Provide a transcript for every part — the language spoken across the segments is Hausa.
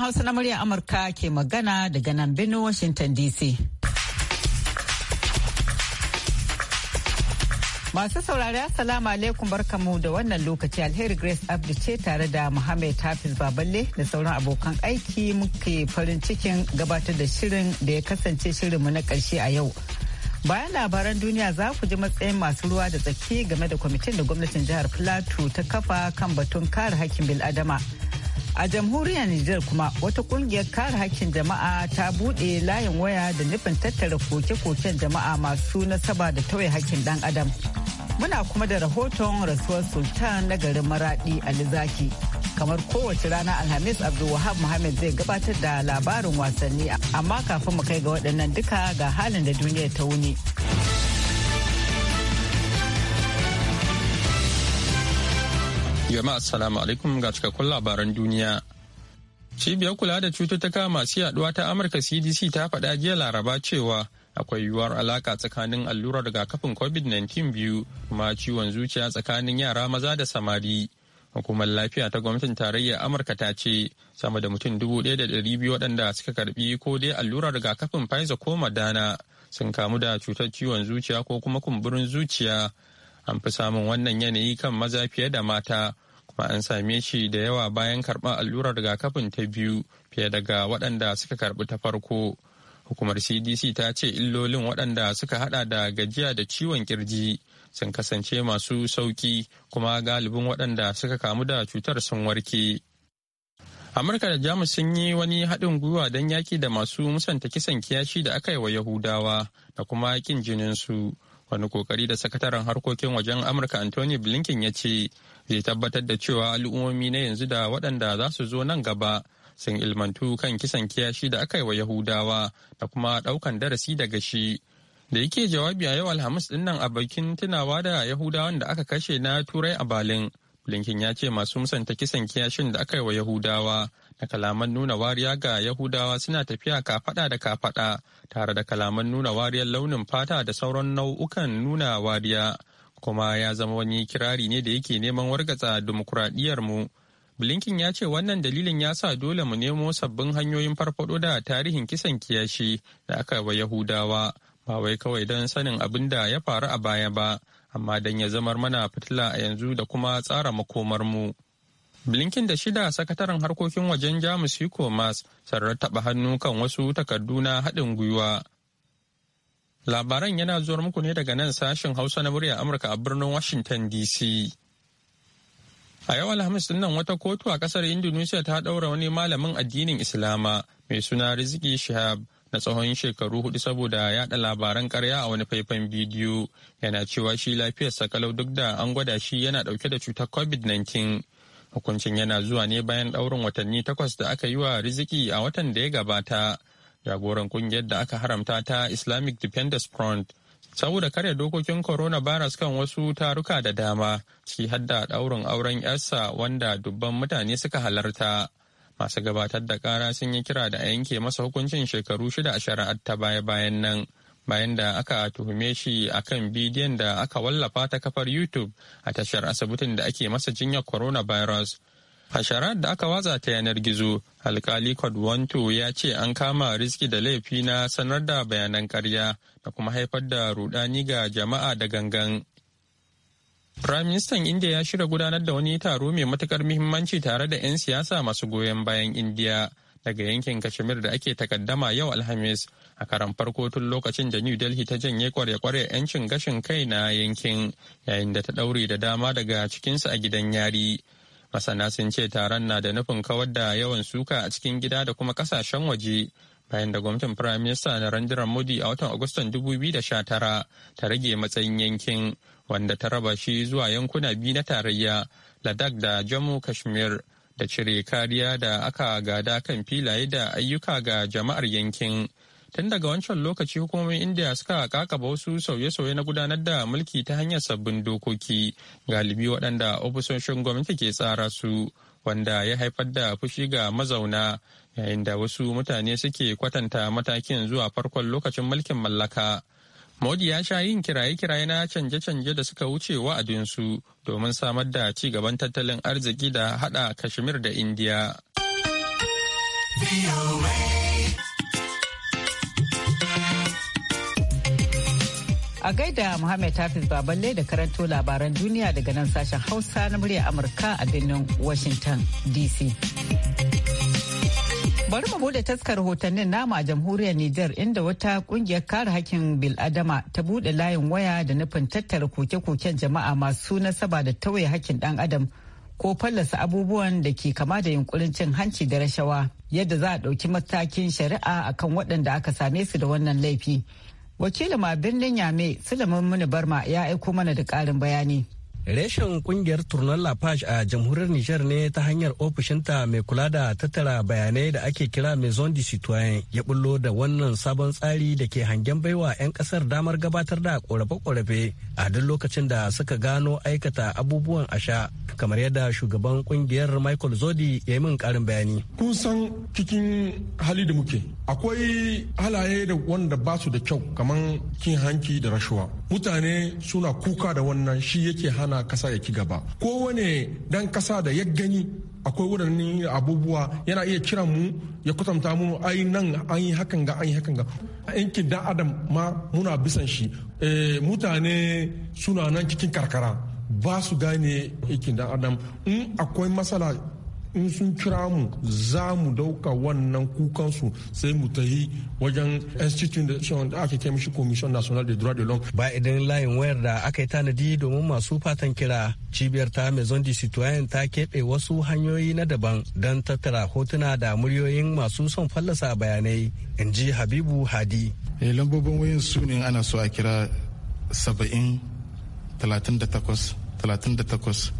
Hausa na murya Amurka ke magana daga nan Benue, Washington DC. Masu saurari Assalamu alaikum barkamu da wannan lokaci alheri Grace Abdu ce tare da muhammed Hafiz Baballe da sauran abokan aiki muke farin cikin gabatar da shirin da ya kasance shirinmu na ƙarshe a yau. bayan labaran duniya za ku ji matsayin masu ruwa da tsaki game da kwamitin da gwamnatin jihar plateau ta kafa kan batun kare hakkin bil'adama A jamhuriyar Nijar kuma wata kungiyar kare hakkin jama'a ta buɗe layin waya da nufin tattara koke-koken jama'a masu nasaba da tauye hakkin ɗan adam. Muna kuma da rahoton rasuwar Sultan na garin Maraɗi Alizaki. Kamar kowace rana Alhamis Abdulwahab Muhammad zai gabatar da labarin wasanni amma kafin mu kai ga waɗannan duka ga halin da duniya ta wuni. Jama'a assalamu alaikum ga cikakkun labaran duniya. Cibiyar kula da cututtuka masu yaduwa ta Amurka CDC ta faɗa jiya Laraba cewa akwai yiwuwar alaka tsakanin allurar rigakafin COVID-19 biyu kuma ciwon zuciya tsakanin yara maza da samari. Hukumar lafiya ta gwamnatin tarayyar Amurka ta ce sama da mutum dubu ɗaya da ɗari biyu waɗanda suka karɓi ko dai allurar rigakafin Pfizer ko Madana sun kamu da cutar ciwon zuciya ko kuma kumburin zuciya an fi samun wannan yanayi kan maza fiye da mata kuma an same shi da yawa bayan karɓar allurar rigakafin ta biyu fiye daga waɗanda suka karɓi ta farko hukumar cdc ta ce illolin waɗanda suka hada da gajiya da ciwon kirji sun kasance masu sauki kuma galibin waɗanda suka kamu da cutar sun warke amurka da jamus sun yi wani haɗin gwiwa don yaƙi da masu musanta kisan kiyashi da aka yi wa yahudawa da kuma yakin jininsu wani kokari da sakataren harkokin wajen amurka anthony blinken ya ce zai tabbatar da cewa al'ummomi na yanzu da waɗanda za su zo nan gaba sun ilmantu kan kisan kiyashi da aka yi wa yahudawa da kuma ɗaukan darasi daga shi da yake jawabi a yau alhamis ɗin nan a bakin tunawa da yahudawan da aka kashe na turai a balin blinken ya ce masu musanta kisan kiyashin da aka yi wa yahudawa da kalaman nuna wariya ga Yahudawa suna tafiya kafaɗa da kafaɗa tare da kalaman nuna wariyar launin fata da sauran nau'ukan nuna wariya kuma ya zama wani kirari ne da yake neman wargatsa mu Blinken ya ce wannan dalilin ya sa dole mu nemo sabbin hanyoyin farfado da tarihin kisan kiyashi da aka wa Yahudawa ba wai kawai don sanin abin da ya faru a baya ba amma don ya zamar mana fitila a yanzu da kuma tsara makomar mu. Blinken da shida sakataren harkokin wajen Jamus Hiko Mas sarar taɓa hannu kan wasu takardu na haɗin gwiwa. Labaran yana zuwa muku ne daga nan sashen Hausa na murya Amurka a birnin Washington DC. A yau Alhamis din nan wata kotu a kasar Indonesia ta ɗaura wani malamin addinin Islama mai suna riziki Shihab na tsawon shekaru hudu saboda yada labaran karya a wani faifan bidiyo yana cewa shi lafiyarsa kalau duk da an gwada shi yana ɗauke da cutar COVID-19. Hukuncin yana zuwa ne bayan ɗaurin watanni takwas da aka yi wa riziki a watan da ya gabata. Jagoran kungiyar da aka haramta ta Islamic Defenders Front saboda karya dokokin coronavirus kan wasu taruka da dama ciki har da ɗaurin auren yarsa wanda dubban mutane suka halarta. Masu gabatar da kara sun yi kira da a yanke masa hukuncin shekaru shida a shari'ar ta baya-bayan nan. bayan da aka tuhume shi akan bidiyon da aka wallafa ta kafar YouTube a tashar asibitin da ake masa jinyar coronavirus. A sharar da aka watsa ta yanar gizo, alkali Kwadwanto ya ce an kama riski da laifi na sanar da bayanan karya da kuma haifar da rudani ga jama'a da gangan. Firaministan india ya shirya gudanar da wani taro mai matukar muhimmanci tare da 'yan siyasa masu goyon bayan india. daga yankin kashmir da ake takaddama yau alhamis a karan farko tun lokacin da new delhi ta janye kware-kware 'yancin gashin kai na yankin yayin da ta daure da dama daga cikinsu a gidan yari masana sun ce taron na da nufin kawar da yawan suka a cikin gida da kuma kasashen waje bayan da gwamnatin prime minister narendra modi a watan agustan 2019 ta rage matsayin yankin wanda ta raba shi zuwa yankuna biyu na tarayya ladakh da jammu kashmir da cire kariya da aka gada kan filaye da ayyuka ga jama'ar yankin. Tun daga wancan lokaci hukumomin indiya suka kakaba wasu sauye-sauye na gudanar da mulki ta hanyar sabbin dokoki galibi waɗanda ofisoshin gwamnati ke tsara su wanda ya haifar da fushi ga mazauna yayin da wasu mutane suke kwatanta matakin zuwa farkon lokacin mulkin mallaka. Modi ya sha yin kiraye-kiraye na canje-canje da suka wuce wa'adinsu domin samar da ci gaban tattalin arziki da hada Kashmir da Indiya. A gaida Muhammad Hafiz Baballe da karanto labaran duniya daga nan sashen Hausa na murya Amurka a birnin Washington DC. Bari mu bude taskar rahotannin nama a jamhuriyar Nijar inda wata kungiyar kare hakkin bil'adama ta bude layin waya da nufin tattara koke-koken jama'a masu nasaba da tauye hakkin dan adam ko fallasa abubuwan da ke kama da yunkurin cin hanci da rashawa yadda za a ɗauki matakin shari'a akan waɗanda aka same su da wannan laifi. Wakilin ma birnin Yame Sulaiman Muni Barma ya aiko mana da ƙarin bayani. Reshen kungiyar Turnan Lafash a jamhuriyar Nijar ne ta hanyar ofishinta mai kula da tattara bayanai da ake kira Maison du Citoyen ya bullo da wannan sabon tsari da ke hangen baiwa 'yan kasar damar gabatar da korafe-korafe a duk lokacin da suka gano aikata abubuwan asha kamar yadda shugaban kungiyar Michael Zodi ya yi min karin bayani. Kun san cikin hali da muke akwai halaye da wanda ba su da kyau kamar kin hanki da rashuwa. Mutane suna kuka da wannan shi yake hana hana kasa ya ki gaba kowane dan kasa da ya gani akwai wurin abubuwa yana iya kiran mu ya kwatanta mu ai nan an yi hakan ga an yi hakan ga yankin dan adam ma muna bisan shi eh, mutane suna nan cikin karkara ba su gane yankin dan adam in akwai matsala in sun kira mu za mu dauka wannan kukansu sai mu ta yi wajen institution da ake kai mishi commission national de droit de l'homme ba idan layin wayar da aka yi tanadi domin masu fatan kira cibiyar ta maison du citoyen ta keɓe wasu hanyoyi na daban don tattara hotuna da muryoyin masu son fallasa bayanai in ji habibu hadi eh, lambobin wayan su ne ana so a kira saba'in talatin da takwas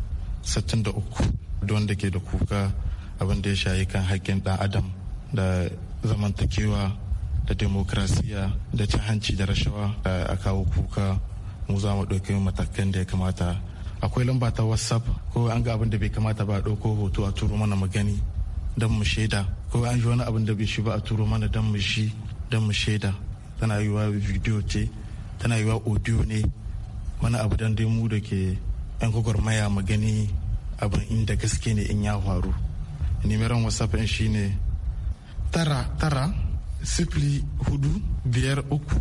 wanda ke da kuka abin da ya shayi kan haƙƙin ɗan adam da zamantakewa da demokrasiya da cin hanci da rashawa a kawo kuka mu za mu ɗauki matakan da ya kamata akwai lamba ta whatsapp ko an ga abin da bai kamata ba a ɗauko hoto a turo mana magani don mu shaida ko an ji wani abin da bai shi ba a turo mana don mu shi don mu shaida tana wa bidiyo ce tana yiwa audio ne wani abu don dai mu da ke yan gwagwarmaya maya gani abin inda gaske ne in ya faru nimiran whatsapp ɗin shine tara tara sifili hudu biyar uku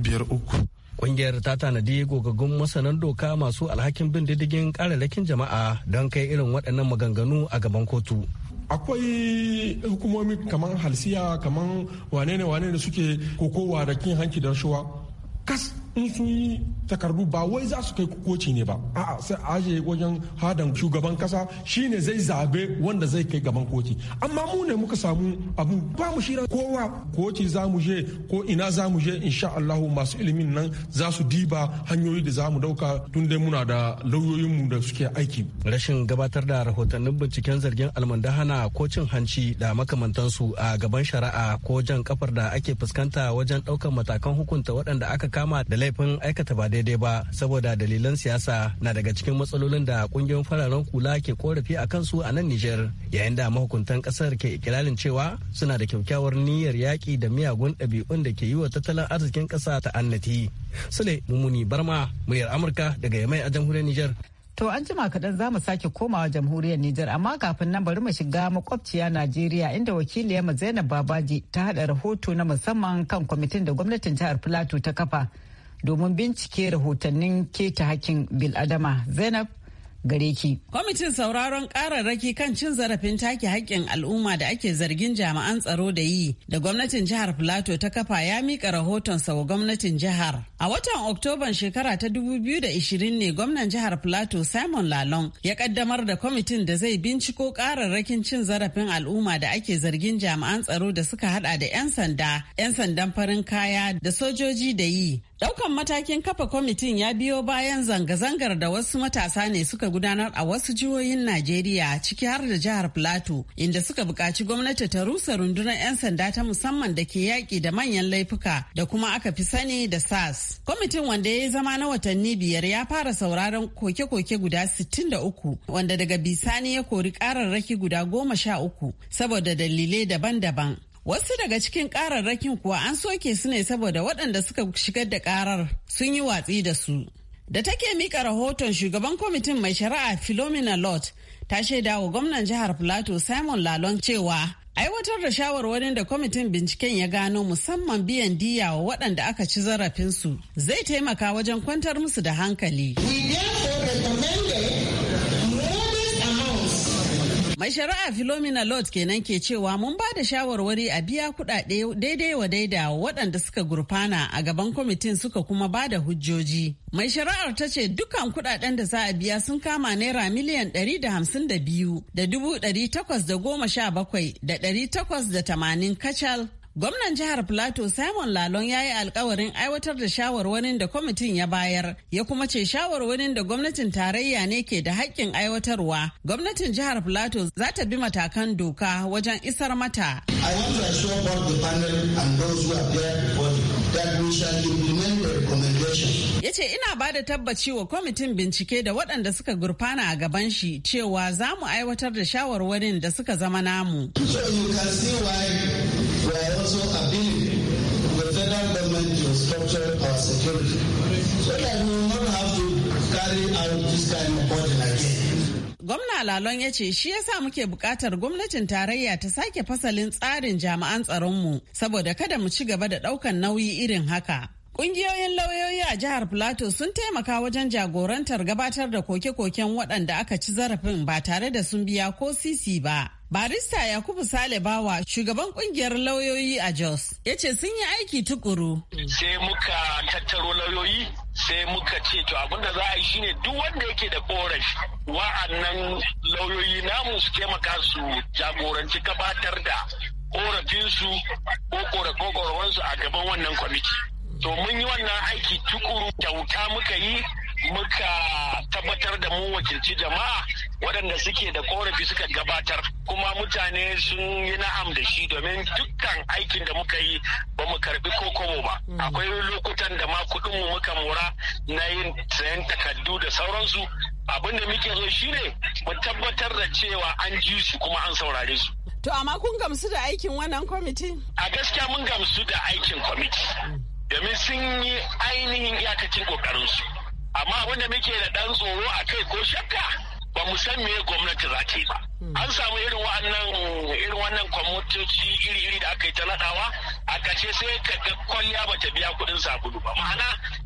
biyar uku Ƙungiyar ta tanadi gogaggun masanan doka masu alhakin bin diddigin ƙararrakin jama'a don kai irin waɗannan maganganu a gaban kotu. akwai hukumomi kamar halsiya kamar wane ne wane ne suke kokowa da kin hanki da rashuwa. kas in sun yi takardu ba wai za su kai koci ne ba a'a sai aje wajen hadan shugaban kasa shine zai zabe wanda zai kai gaban koci amma mu ne muka samu abu ba mu shira kowa koci za mu je ko ina za mu je insha Allah masu ilimin nan za su diba hanyoyi da za mu dauka tun dai muna da lauyoyin mu da suke aiki rashin gabatar da rahotannin binciken zargin almanda hana kocin hanci da makamantansu a gaban shari'a ko jan kafar da ake fuskanta wajen daukan matakan hukunta waɗanda aka kama da laifin aikata ba daidai ba saboda dalilan siyasa na daga cikin matsalolin da kungiyoyin fararen kula ke korafi a kansu a nan Nijar yayin da mahukuntan kasar ke ikilalin cewa suna da kyakkyawar niyyar yaƙi da miyagun ɗabi'un da ke yi wa tattalin arzikin ƙasa ta annati. Sule Mumuni Barma muryar Amurka daga Yamai a jamhuriyar Nijar. To an jima kaɗan za mu sake komawa jamhuriyar Nijar amma kafin nan bari mu shiga makwabciya Najeriya inda wakiliyar mu Zainab Babaji ta haɗa rahoto na musamman kan kwamitin da gwamnatin jihar Filato ta kafa domin bincike rahotannin keta hakkin biladama zainab gare ki. Kwamitin sauraron kararraki kan cin zarafin take haƙƙin al'umma da ake zargin jami'an tsaro da yi da gwamnatin jihar plateau ta kafa ya mika rahoton sa wa gwamnatin jihar. A watan Oktoban shekara ta 2020 ne gwamnan jihar plateau Simon lalon ya kaddamar da kwamitin da zai binciko kararrakin cin zarafin al'umma da ake zargin jami'an tsaro da suka hada da 'yan sanda, 'yan sandan farin kaya da sojoji da yi Daukan matakin kafa kwamitin ya biyo bayan zanga-zangar da wasu matasa ne suka gudanar a wasu jihohin Najeriya ciki har da jihar Plateau inda suka bukaci gwamnati ta rusa rundunar 'yan sanda ta musamman da ke yaƙi da manyan laifuka da kuma aka fi sani da SARS. Kwamitin wanda ya yi zama na watanni biyar ya fara sauraron koke-koke guda 63 wanda daga bisani ya kori ƙararraki guda goma sha uku saboda dalilai daban-daban. Wasu daga cikin ƙararrakin kuwa an soke su ne saboda waɗanda suka shigar da ƙarar sun yi watsi da su. Da take mika rahoton shugaban kwamitin mai shari'a Philomena Lord ta shaida wa gwamnan jihar Plateau Simon Lalon cewa aiwatar da shawarwarin da kwamitin binciken ya gano musamman biyan diya wa waɗanda aka ci zarafinsu zai taimaka wajen kwantar musu da hankali. We Mai shari'a Philomena Lord kenan ke cewa mun ba da shawarwari a biya kuɗaɗe daidai wa daida waɗanda suka gurfana a gaban kwamitin suka kuma ba da hujjoji. Mai shari'ar ta ce dukkan kuɗaɗen da za a biya sun kama naira miliyan ɗari da hamsin da biyu da da da da dubu ɗari ɗari takwas takwas goma sha bakwai tamanin kacal Gwamnan jihar Plateau Simon Lalon ya yi alkawarin aiwatar da shawarwarin da kwamitin ya bayar, ya kuma ce shawarwarin da gwamnatin tarayya ne ke da haƙƙin aiwatarwa. Gwamnatin jihar Plateau za ta bi matakan doka wajen isar mata. I want to assure both the panel and those who are there for that Ya ce ina ba da tabbaci wa kwamitin bincike da waɗanda suka gurfana a gaban shi cewa za mu aiwatar da shawarwarin da suka zama namu. So you can see why we are also appealing the federal government to structure our security so that we will not have to kind of Gwamna Lalon ya ce shi yasa muke bukatar gwamnatin tarayya ta sake fasalin tsarin jami'an tsaronmu saboda kada mu ci gaba da ɗaukan nauyi irin haka. Ƙungiyoyin lauyoyi a jihar Plateau sun taimaka wajen jagorantar gabatar da koke-koken waɗanda aka ci zarafin ba tare da sun biya ko sisi ba. Barista Yakubu Sale Bawa shugaban kungiyar lauyoyi a Jos ya ce sun yi aiki tukuru. Sai muka tattaro lauyoyi sai muka ce to abin da za a yi shine duk wanda yake da korafi wa'annan lauyoyi namu su taimaka su jagoranci gabatar da korafinsu ko korafe a gaban wannan kwamiti. To mun yi wannan aiki tukuru kyauta muka yi muka tabbatar da mu wakilci jama'a waɗanda suke da korafi suka gabatar kuma mutane sun yi na'am da shi domin dukkan aikin da muka yi ba mu karbi ko kobo ba mm. akwai lokutan da ma kuɗin mu muka mura na yin sayan takardu da sauransu abin da muke zo shine mu tabbatar da cewa an ji su kuma an saurare su to amma kun gamsu da aikin wannan kwamiti a gaskiya mun gamsu da aikin kwamiti mm. domin sun yi ainihin iyakacin ƙoƙarinsu. amma abin da muke da ɗan tsoro a kai ko shakka ba mu san me gwamnati za ta yi ba hmm. an samu irin wannan irin wannan kwamotoci iri-iri da aka yi ta naɗawa a kace sai ka ga kwalliya ba ta biya kuɗin sabulu ba ma'ana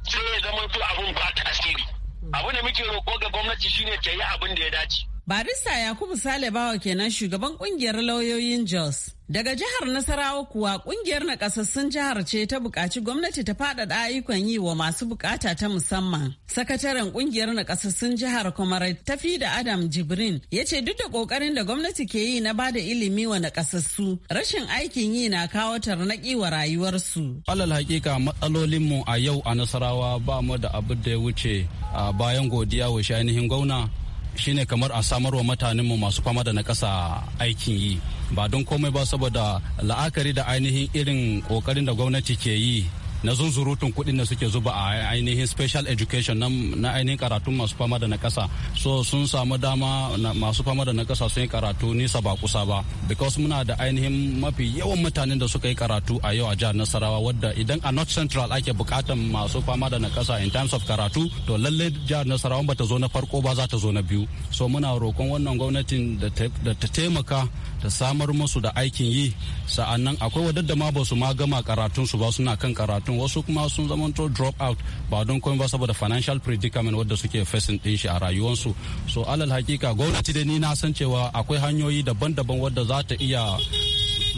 sai ya zama to abun ba tasiri hmm. abin da muke roƙo ga gwamnati shine ta yi abin da ya dace Barista Yakubu Sale Bawa kenan shugaban kungiyar lauyoyin Jos. Daga jihar Nasarawa kuwa kungiyar nakasassun jihar ce ta bukaci gwamnati ta faɗaɗa ayyukan yi wa masu bukata ta musamman. Sakataren kungiyar nakasassun jihar Kwamare tafi da Adam Jibrin ya ce duk da ƙoƙarin da gwamnati ke yi na bada ilimi wa nakasassu rashin aikin yi na kawo tarnaƙi wa rayuwarsu. Alal hakika matsalolinmu a yau a Nasarawa ba mu da abin da ya wuce a bayan godiya wa shi ainihin gwamna shine kamar a samar wa mutanenmu masu fama da na ƙasa aikin yi ba don komai ba saboda la'akari da ainihin irin ƙoƙarin da gwamnati ke yi na zunzurutun kuɗin da suke zuba a ainihin special education na ainihin karatu masu fama da na ƙasa so sun samu dama masu fama da na ƙasa sun yi karatu nisa ba kusa ba because muna da ainihin mafi yawan mutanen da suka yi karatu a yau a jihar nasarawa wadda idan a north central ake bukatan masu fama da na ƙasa in terms of karatu to lallai jihar nasarawa bata zo na farko ba za ta zo na biyu so muna roƙon wannan gwamnatin da ta taimaka ta samar musu da aikin yi sa'annan akwai wadanda ma ba su ma gama karatun su ba suna kan karatun wasu kuma sun zamanto drop out ba don komai ba saboda financial predicament wadda suke facing din shi a rayuwarsu so alal hakika gwamnati da ni na san cewa akwai hanyoyi daban-daban wadda za ta iya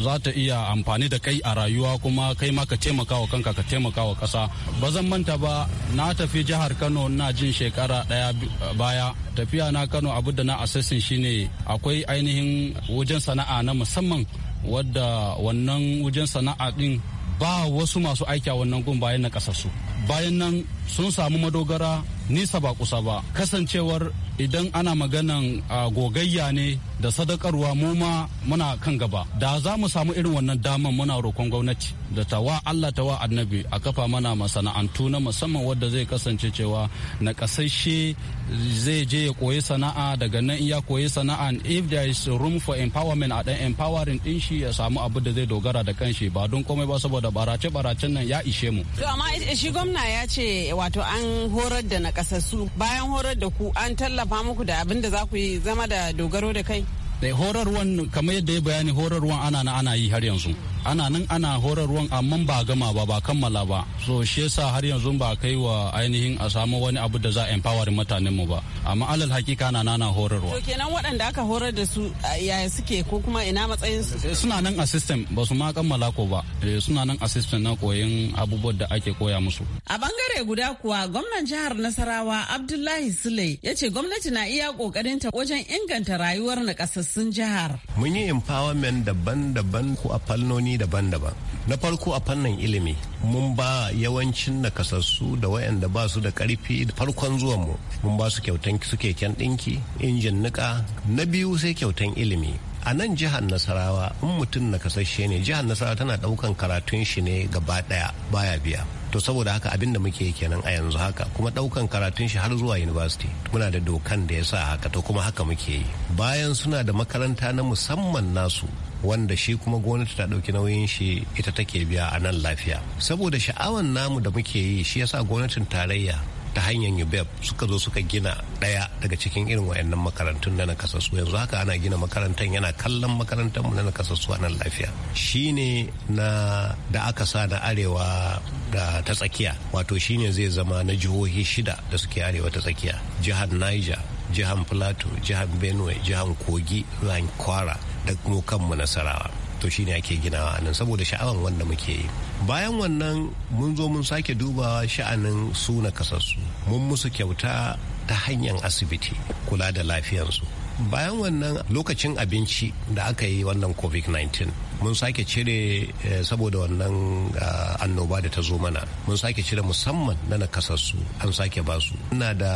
za ta iya amfani da kai a rayuwa kuma kai ma ka taimaka wa kanka ka taimaka wa ƙasa ba zan manta ba na tafi jihar kano na jin shekara ɗaya baya tafiya na kano abu da na assassin shine akwai ainihin wajen sana'a na musamman wadda wannan wajen sana'a din ba wasu masu aiki a wannan gun bayan na su bayan nan sun samu madogara nisa ba kusa ba kasancewar idan ana maganan gogayya ne da sadakarwa mu ma muna kan gaba da za mu samu irin wannan daman muna rokon gwamnati da ta wa Allah ta wa annabi a kafa mana masana'antu na musamman wadda zai kasance cewa na kasashe zai je ya koyi sana'a daga nan ya koyi sana'a if there is room for empowerment a dan empowering din shi ya samu abu da zai dogara da kanshi ba don komai ba saboda barace baracen nan ya ishe mu to amma shi gwamna ya ce wato an horar da nakasassu bayan horar da ku an talla tallafa muku da abin da za ku yi zama da dogaro da kai eh, horarwan kamar yadda ya bayani horarwan ana na ana yi har yanzu ana nan ana horarwan amma ba gama ba ba kammala ba so shi yasa har yanzu ba kai wa ainihin a samu wani abu da za a empower mutanen mu ba amma alal hakika na nana horarwa to kenan waɗanda aka horar da su yaya suke ko kuma ina matsayin su eh, suna nan a system ba su ma kammala ko ba eh, suna nan a system na koyon abubuwan da ake koya musu a bangare guda kuwa gwamnan jihar Nasarawa Abdullahi Sule ya ce gwamnati na iya ta wajen inganta rayuwar nakasassun jihar mun yi empowerment daban-daban ko a fannoni fannoni daban-daban na farko a fannin ilimi mun ba yawancin nakasassu da wayanda ba su da karfi da farkon zuwan mu mun ba su kyautan suke kyan dinki injin nika na biyu sai kyautan ilimi a nan jihar nasarawa in mutum nakasashe ne jihar nasarawa tana daukan karatun shi ne gaba daya baya biya to saboda haka abin da muke kenan a yanzu haka kuma daukan karatun shi har zuwa university muna da dokan da ya sa haka to kuma haka muke yi bayan suna da makaranta na musamman nasu wanda shi kuma gwamnati ta ɗauki nauyin shi ita take biya a nan lafiya saboda sha'awan namu da muke yi shi yasa gwamnatin tarayya ta hanyar yubeb e suka zo suka gina ɗaya daga cikin irin wayannan makarantun na nakasassu yanzu haka ana gina makarantar yana kallon makarantar mu na nakasassu a nan lafiya shine na da aka sa na arewa da ta tsakiya wato shine zai zama na jihohi shida da suke arewa ta tsakiya jihar Niger jihar Plateau jihar Benue jihar Kogi jihar Kwara ɗaɗɗo kanmu nasarawa to shine ake ginawa nan saboda sha'awan wanda muke yi bayan wannan mun zo mun sake duba sha'anin suna kasassu mun musu kyauta ta hanyar asibiti kula da lafiyansu bayan wannan lokacin abinci da aka yi wannan covid-19 mun sake cire eh, saboda wannan ah, annoba da ta zo mana mun sake cire musamman na nakasassu an sake basu ina da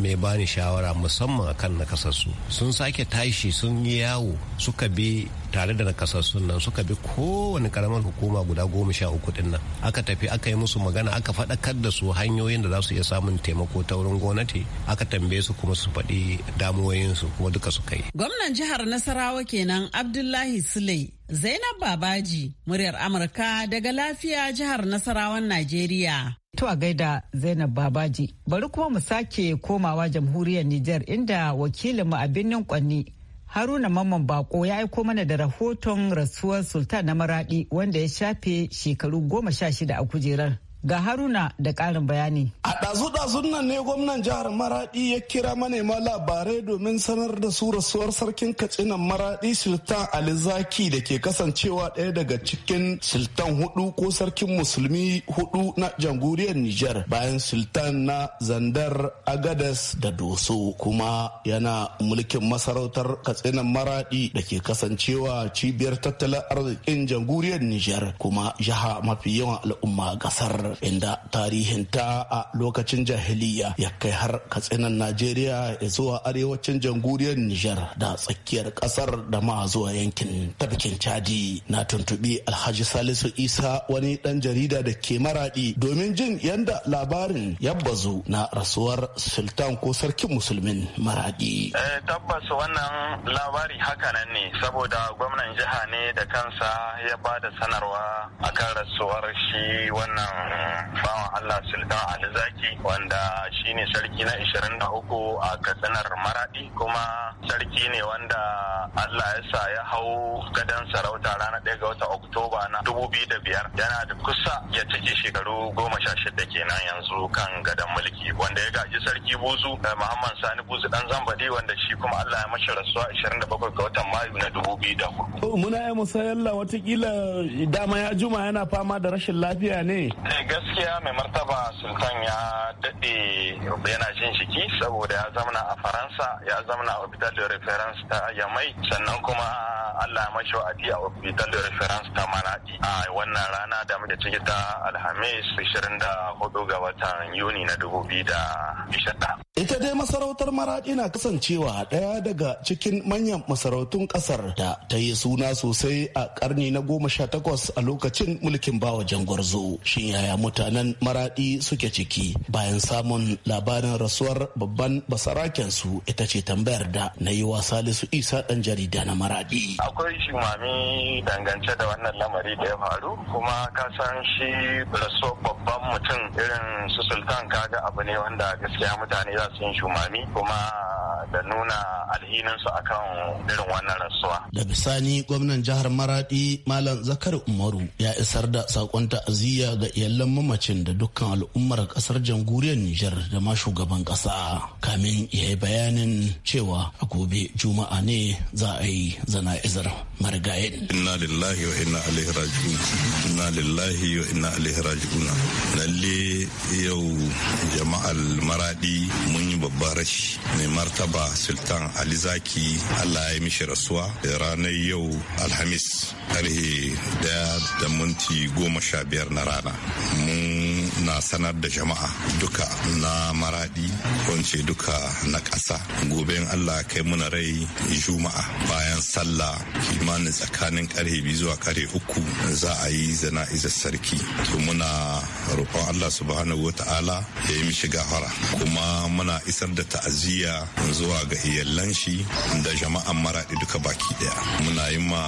mai bani shawara musamman akan nakasassu sun sake tashi sun yi yawo suka bi tare da nakasassun nan suka bi kowane karamar hukuma guda goma sha uku din nan aka tafi aka yi musu magana aka faɗakar da su hanyoyin da za su iya samun taimako ta wurin gwamnati aka tambaye su kuma su faɗi damuwoyinsu kuma duka su yi. gwamnan jihar nasarawa kenan abdullahi sule zainab babaji muryar amurka daga lafiya jihar nasarawan najeriya. To a gaida Zainab Babaji. Bari kuma mu sake komawa jamhuriyar Nijar inda wakilinmu a birnin Kwanni Haruna Mamman Bako ya aiko mana da rahoton rasuwar Sultan na Maradi wanda ya shafe shekaru goma sha shida a kujerar. Ga Haruna da ƙarin bayani. A ɗazu-ɗazun nan ne gwamnan jihar Maraɗi ya kira manema labarai domin sanar da su rasuwar sarkin Katsinan Maraɗi Sultan ali zaki da ke kasancewa ɗaya daga cikin Sultan hudu ko sarkin musulmi hudu na jamhuriyar Nijar bayan Sultan na Zandar Agadas da Doso kuma yana mulkin masarautar Katsinan Maraɗi da ke kasancewa cibiyar tattalin arzikin jamhuriyar Nijar kuma jiha mafi yawan al'umma gasar inda inda tarihinta a lokacin jahiliya ya kai har katsinan najeriya ya zuwa arewacin jamhuriyar nijar da tsakiyar kasar da ma zuwa yankin tafkin chadi na tuntubi alhaji salisu isa wani dan jarida da ke maraɗi, domin jin yadda labarin ya bazu na rasuwar sultan ko sarkin musulmin maraɗi. Eh, tabbas wannan labari hakanan ne saboda gwamnan jiha ne da kansa ya ba da sanarwa akan rasuwar shi wannan bawan Allah Sultan Ali Zaki wanda shine sarki na 23 a katsinar Maradi kuma sarki ne wanda Allah ya sa ya hau gadon sarauta ranar 1 ga wata Oktoba na 2005 yana da kusa ya cike shekaru 16 kenan yanzu kan gadon mulki wanda ya gaji sarki Buzu Muhammad Sani Buzu dan Zambadi wanda shi kuma Allah ya mashi rasuwa 27 ga watan Mayu na 2004. Muna yi musayalla watakila dama ya juma yana fama da rashin lafiya ne. Eh, gaskiya mai martaba sultan ya daɗe yana jin shiki saboda ya zamana a faransa ya zamana a hospital de reference ta yamai sannan kuma allah mashi wa'adi a hospital de reference ta manadi a wannan rana da muke ciki ta alhamis 24 ga watan yuni na 2021 ita dai masarautar maraɗi na kasancewa ɗaya daga cikin manyan masarautun ƙasar da ta yi suna sosai a karni na goma sha takwas a lokacin mulkin bawa zo shinyaya. yaya da mutanen maradi suke ciki bayan samun labarin rasuwar babban basaraken su ita ce tambayar da na yi wa salisu isa dan jarida na maradi akwai shimami dangance da wannan lamari da ya faru kuma ka san shi rasuwar babban mutum irin su sultan kaga abu ne wanda gaskiya mutane za su yi shumami kuma da nuna alhininsu akan irin wannan rasuwa. Da bisani gwamnan jihar Maradi Malam Zakar Umaru ya isar da sakon ta'aziyya ga iyalan iyalan mamacin da dukkan al'ummar kasar jamhuriyar Nijar da ma shugaban kasa kamin ya yi bayanin cewa a gobe juma'a ne za a yi zana'izar marigayin. Inna lillahi wa inna alaihi raji'un. Inna lillahi wa inna alaihi raji'un. Lalle yau jama'al maradi mun yi babbar rashi mai martaba sultan Ali Zaki Allah ya mishi rasuwa ranar yau Alhamis karhe daya da minti goma sha biyar na rana mu na sanar da jama'a duka na maradi wance duka na ƙasa gobe in allah kai muna rai juma'a bayan sallah kimanin tsakanin karhe biyu zuwa karhe uku za a yi zana'izar sarki to muna roƙon allah subhanahu wa ta'ala ya yi shiga gafara kuma muna isar da ta'aziyya zuwa ga iyalan shi da jama'an maradi duka baki daya muna yi ma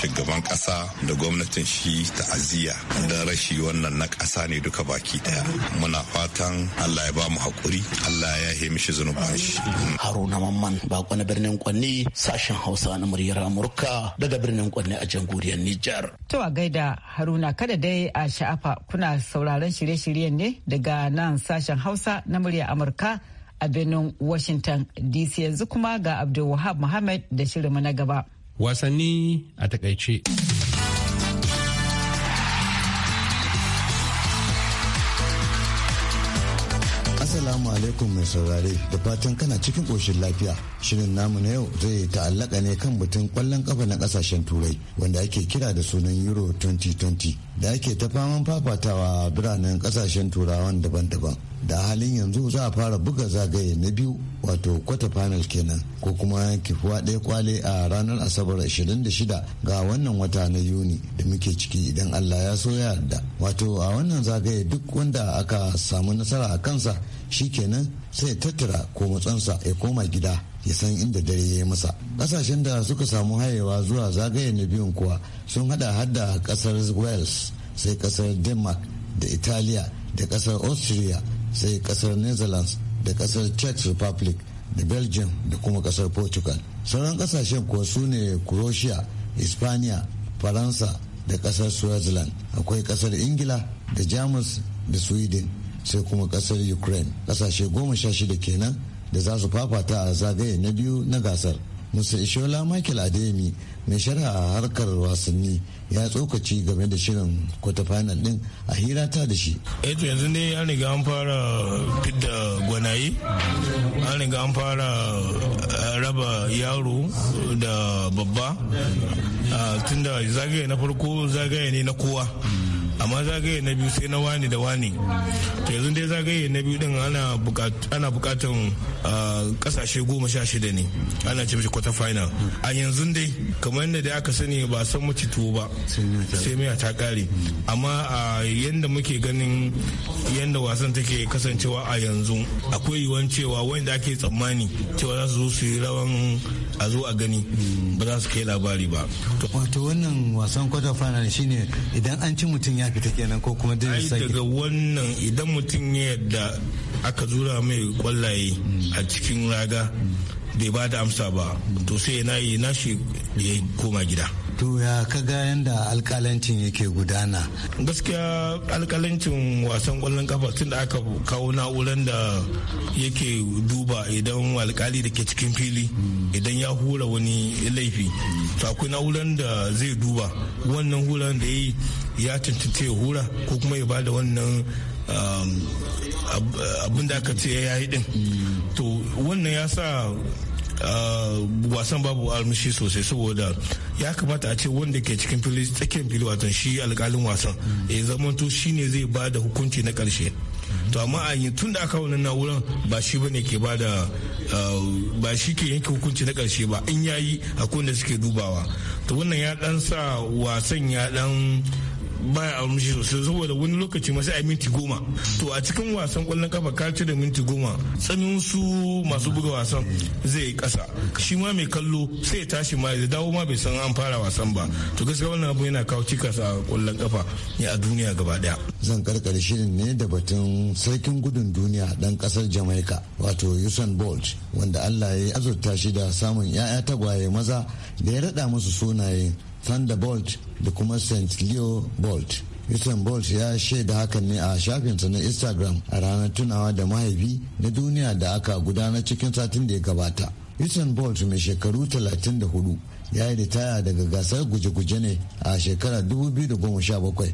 shugaban ƙasa da gwamnatin shi ta'aziyya da rashi wannan na ƙasa ne duka baki ɗaya muna fatan Allah ya ba mu haƙuri Allah ya yi mishi zunuban shi Haruna Mamman bako na birnin Kwanni sashen Hausa na muryar Amurka daga birnin Kwanni a jamhuriyar Nijar to a gaida Haruna kada dai a sha'afa kuna sauraron shirye-shiryen ne daga nan sashen Hausa na muryar Amurka a birnin Washington DC yanzu kuma ga Abdul Wahab Muhammad da shirinmu na gaba. Wasanni a takaice. Assalamu alaikum mai saurare da fatan kana cikin ƙoshin lafiya. Shirin namu na yau zai ta'allaka ne kan batun ƙwallon ƙafa na ƙasashen Turai wanda ake kira da sunan Euro 2020. da ake ta faman fafatawa a biranen kasashen turawan daban-daban da halin yanzu za a fara buga zagaye na biyu wato kwata final kenan ko kuma kifuwa ɗaya kwale a ranar asabar 26 ga wannan wata na yuni da muke ciki idan allah ya so ya yarda wato a wannan zagaye duk wanda aka samu nasara a kansa shi kenan sai tattara ko matsansa ya koma gida ya san inda dare ya yi masa kasashen da suka samu hayewa zuwa zagaye na biyun kuwa sun hada hada kasar wales sai kasar denmark da italiya da kasar austria sai kasar netherlands da kasar czech republic da belgium da kuma kasar portugal sauran kasashen kuwa su ne croatia hispania faransa da kasar switzerland akwai kasar ingila da jamus da sweden sai kuma kasar ukraine kasashe goma sha shida kenan da za su fafata a zagaye na biyu na gasar musa ishola michael ademi mai shara a harkar wasanni ya tsokaci game da shirin kwata final din a hira ta da shi eto eh yanzu ne an riga an fara fidda gwanaye an riga an fara eh, raba yaro da babba ah, tunda zagaye na farko zagaye ne na kowa amma zagaye na biyu sai na wani da wani to yanzu dai zagaye na biyu din ana bukatan kasashe goma sha shida ne ana ce mishi quarter final a yanzu dai kamar yadda dai aka sani ba san mace tuwo ba sai mai ta kare amma a yadda muke ganin yadda wasan take kasancewa a yanzu akwai yiwuwan cewa wanda ake tsammani cewa za su zo su yi rawan a zo a gani ba za su kai labari ba wato wannan wasan quarter final shine idan an ci mutum ya fita kenan ko kuma dai daga wannan idan mutum ya yadda aka zura mai kwallaye a cikin raga bai ba da amsa ba to sai na yi na shi ya koma gida to ya ka ga alkalancin yake gudana gaskiya alkalancin wasan kwallon kafa tun da aka kawo na'urar da yake duba idan alkali da ke cikin fili idan ya hura wani laifi to akwai na'urar da zai duba wannan huran da ya yi ya cancanci ya hura ko kuma ya ba da wannan Um, abin da aka ce ya yi din to wannan ya sa uh, wasan babu armishi sosai saboda ya kamata a ce wanda ke cikin fili tsakiyar fili watan shi alkalin wasan ya zamanto shi ne zai ba da hukunci na karshe to amma a tun da aka wannan na'urar ba shi bane ke ba da uh, ba shi ke yanke hukunci na karshe ba in yayi akwai da suke dubawa to wannan ya dan sa wasan ya dan baya a rumshi sosai saboda wani lokaci ma sai a minti goma to a cikin wasan kwallon kafa ka da minti goma tsanin su masu buga wasan zai yi kasa shi ma mai kallo sai ya tashi ma ya dawo ma bai san an fara wasan ba to gaskiya wannan abu yana kawo cikas a kwallon kafa ne a duniya gaba daya zan karkare shirin ne da batun sarkin gudun duniya dan kasar jamaica wato usain bolt wanda allah ya azurta shi da samun 'ya'ya tagwaye maza da ya rada musu sunaye thunderbolt da kuma st leo bolt Usain Bolt ya shaida hakan ne a shafinsa na Instagram a ranar tunawa da mahaifi na duniya da aka gudanar cikin satin da ya gabata. Usain Bolt mai shekaru 34 ya yi ritaya daga gasar guje-guje ne a shekara 2017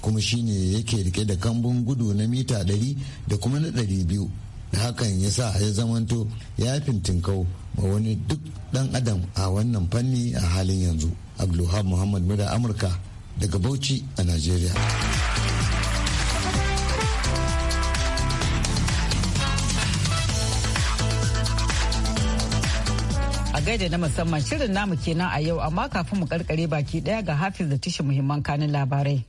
kuma shine yake rike da kambun gudu na mita 100 da kuma na 200 da hakan ya sa ya zamanto ya fintinkau wa wani duk dan adam a wannan fanni a halin yanzu abdulhab muhammad muda amurka daga bauchi a nigeria. a gaida na musamman shirin namu kenan a yau amma kafin mu karkare baki daya ga hafiz da tishi muhimman kanin labarai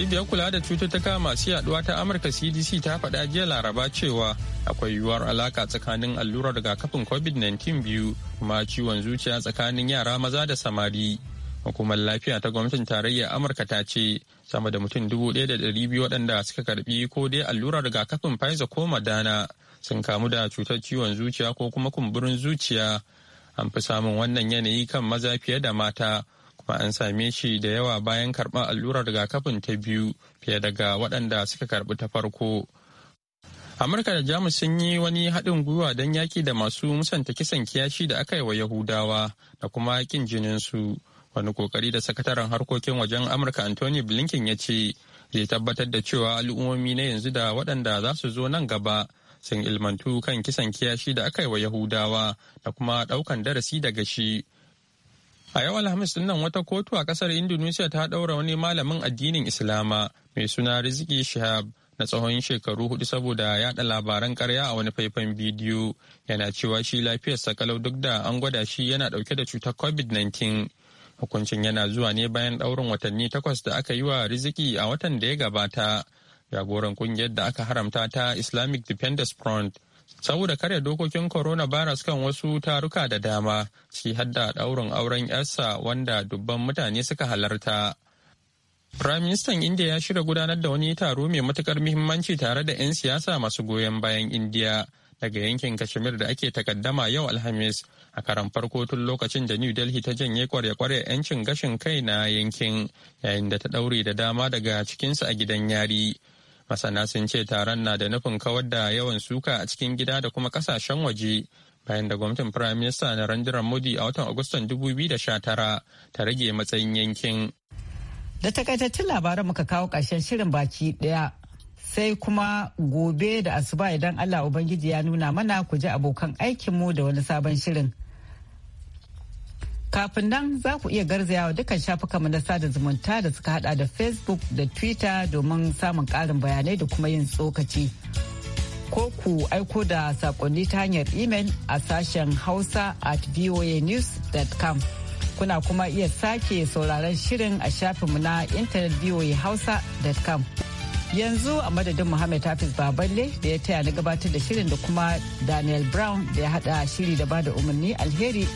cibiyar kula da cututtuka masu yaduwa ta amurka cdc ta faɗa jiya laraba cewa akwai yiwuwar alaka tsakanin allurar rigakafin covid-19 biyu kuma ciwon zuciya tsakanin yara maza da samari hukumar lafiya ta gwamnatin tarayyar amurka ta ce sama da mutum dubu ɗaya da ɗari biyu waɗanda suka karbi ko dai allurar rigakafin pfizer ko madana sun kamu da cutar ciwon zuciya ko kuma kumburin zuciya an fi samun wannan yanayi kan maza fiye da mata kuma an same shi da yawa bayan karɓar allurar rigakafin ta biyu fiye daga waɗanda suka karɓi ta farko. Amurka da Jamus sun yi wani haɗin gwiwa don yaƙi da masu musanta kisan kiyashi da aka yi wa Yahudawa da kuma ƙin jininsu. Wani ƙoƙari da sakataren harkokin wajen Amurka Anthony Blinken ya ce zai tabbatar da cewa al'ummomi na yanzu da waɗanda za su zo nan gaba sun ilmantu kan kisan kiyashi da aka yi wa Yahudawa da kuma ɗaukan darasi daga shi. A yau Alhamis nan wata kotu a kasar Indonesia ta ɗaura wani malamin addinin Islama mai suna riziki Shihab na tsawon shekaru hudu saboda yada labaran karya a wani faifan bidiyo yana cewa shi lafiyarsa kalau duk da an gwada shi yana dauke da cutar COVID-19. Hukuncin yana zuwa ne bayan ɗaurin watanni takwas da aka yi wa riziki a watan da ya gabata. Jagoran kungiyar da aka haramta ta Islamic Defenders Front saboda karya dokokin corona coronavirus kan wasu taruka da dama ciki hadda daurin auren yarsa wanda dubban mutane suka halarta. Prime Minister India ya shirya gudanar da wani taro mai matukar muhimmanci tare da 'yan siyasa masu goyon bayan India daga yankin Kashmir da ake takaddama yau Alhamis a karan farko tun lokacin da New Delhi ta janye kwarya-kwarya 'yancin gashin kai na yankin yayin da ta daure da dama daga cikinsu a gidan yari. Masana sun ce taron na da nufin kawar da yawan suka a cikin gida da kuma kasashen waje bayan da gwamnatin Prime Minister Narendra Modi a watan Agustan 2019 ta rage matsayin yankin. Da takaitattun labaran muka kawo ƙarshen shirin baki daya sai kuma gobe da asuba idan Allah Ubangiji ya nuna mana ku ji abokan aikinmu da wani sabon shirin. Kafin nan za ku iya garzaya garzayawa dukkan shafukanmu na sada zumunta da suka hada da Facebook da Twitter domin samun karin bayanai da kuma yin tsokaci. Ko ku aiko da sakonni ta hanyar imel a sashen hausa at voanews.com. Kuna kuma iya sake sauraron shirin a shafinmu na intanet voahausa.com. yanzu a madadin Muhammad Hafiz Baballe da ya taya na gabatar da shirin da kuma Daniel Brown da ya hada shiri da bada umarni alheri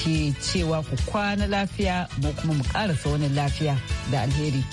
ke cewa ku kwana lafiya mu kuma mu ƙarasa wani lafiya da alheri.